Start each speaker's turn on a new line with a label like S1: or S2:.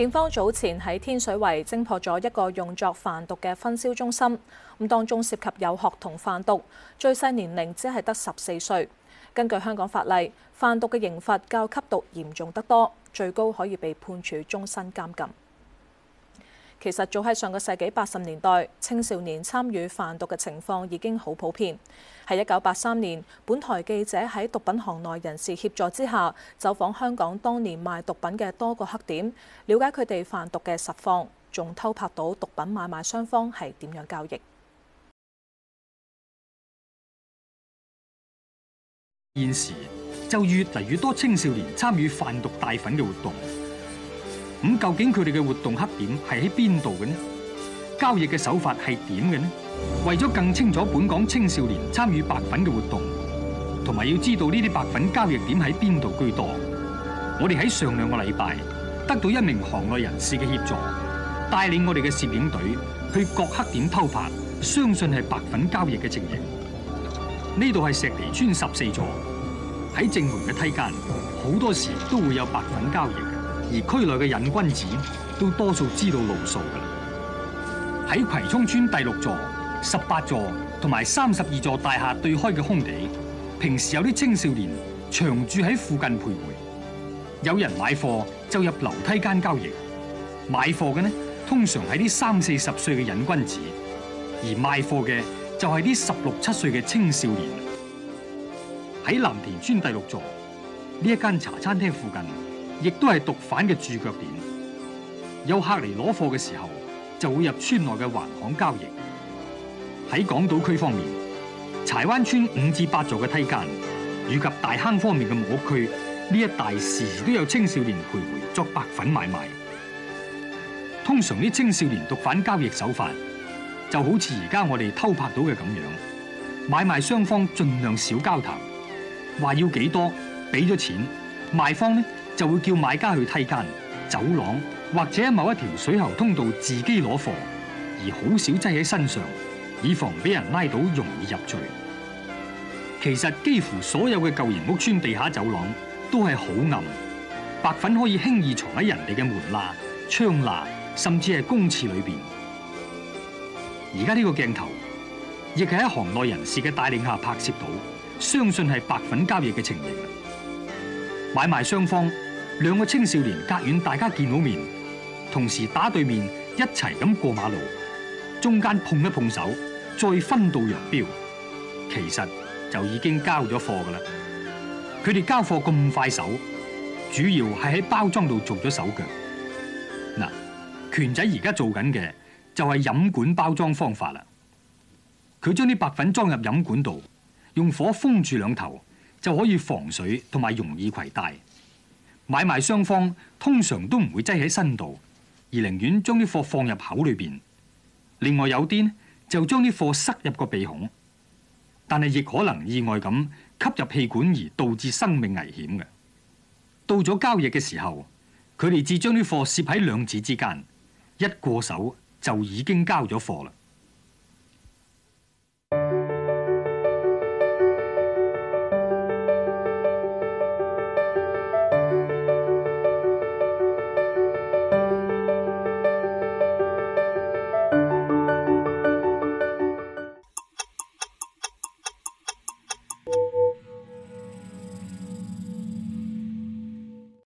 S1: 警方早前喺天水圍偵破咗一個用作販毒嘅分銷中心，咁當中涉及有學童販毒，最細年齡只係得十四歲。根據香港法例，販毒嘅刑罰較吸毒嚴重得多，最高可以被判處終身監禁。其實早喺上個世紀八十年代，青少年參與販毒嘅情況已經好普遍。喺一九八三年，本台記者喺毒品行內人士協助之下，走訪香港當年賣毒品嘅多個黑點，了解佢哋販毒嘅實況，仲偷拍到毒品買賣雙方係點樣交易。現時
S2: 就越嚟越多青少年參與販毒大粉嘅活動。咁究竟佢哋嘅活動黑點係喺邊度嘅呢？交易嘅手法係點嘅呢？為咗更清楚本港青少年參與白粉嘅活動，同埋要知道呢啲白粉交易點喺邊度居多，我哋喺上兩個禮拜得到一名行內人士嘅協助，帶領我哋嘅攝影隊去各黑點偷拍，相信係白粉交易嘅情形。呢度係石籬村十四座，喺正門嘅梯間，好多時都會有白粉交易。而區內嘅癮君子都多數知道路數噶啦。喺葵涌村第六座、十八座同埋三十二座大廈對開嘅空地，平時有啲青少年長住喺附近徘徊。有人買貨就入樓梯間交易買貨，買貨嘅呢通常係啲三四十歲嘅癮君子，而賣貨嘅就係啲十六七歲嘅青少年。喺藍田村第六座呢一間茶餐廳附近，亦都係毒販嘅駐腳點，有客嚟攞貨嘅時候，就會入村內嘅橫巷交易。喺港島區方面，柴灣村五至八座嘅梯間，以及大坑方面嘅木屋區，呢一帶時時都有青少年徘徊作白粉買賣。通常啲青少年毒販交易手法，就好似而家我哋偷拍到嘅咁樣，買賣雙方盡量少交談，話要幾多，俾咗錢，賣方呢？就會叫買家去梯間、走廊或者某一條水喉通道自己攞貨，而好少擠喺身上，以防俾人拉到容易入罪。其實幾乎所有嘅舊型屋邨地下走廊都係好暗，白粉可以輕易藏喺人哋嘅門罅、窗罅，甚至係公廁裏邊。而家呢個鏡頭亦係喺行內人士嘅帶領下拍攝到，相信係白粉交易嘅情形。買賣雙方。兩個青少年隔遠，大家見到面，同時打對面，一齊咁過馬路，中間碰一碰手，再分道揚鑣，其實就已經交咗貨㗎喇。佢哋交貨咁快手，主要係喺包裝度做咗手腳。嗱，拳仔而家做緊嘅就係飲管包裝方法啦。佢將啲白粉裝入飲管度，用火封住兩頭，就可以防水同埋容易攜帶。買賣雙方通常都唔會擠喺身度，而寧願將啲貨放入口裏邊。另外有啲呢，就將啲貨塞入個鼻孔，但係亦可能意外咁吸入氣管而導致生命危險嘅。到咗交易嘅時候，佢哋只將啲貨攝喺兩指之間，一過手就已經交咗貨啦。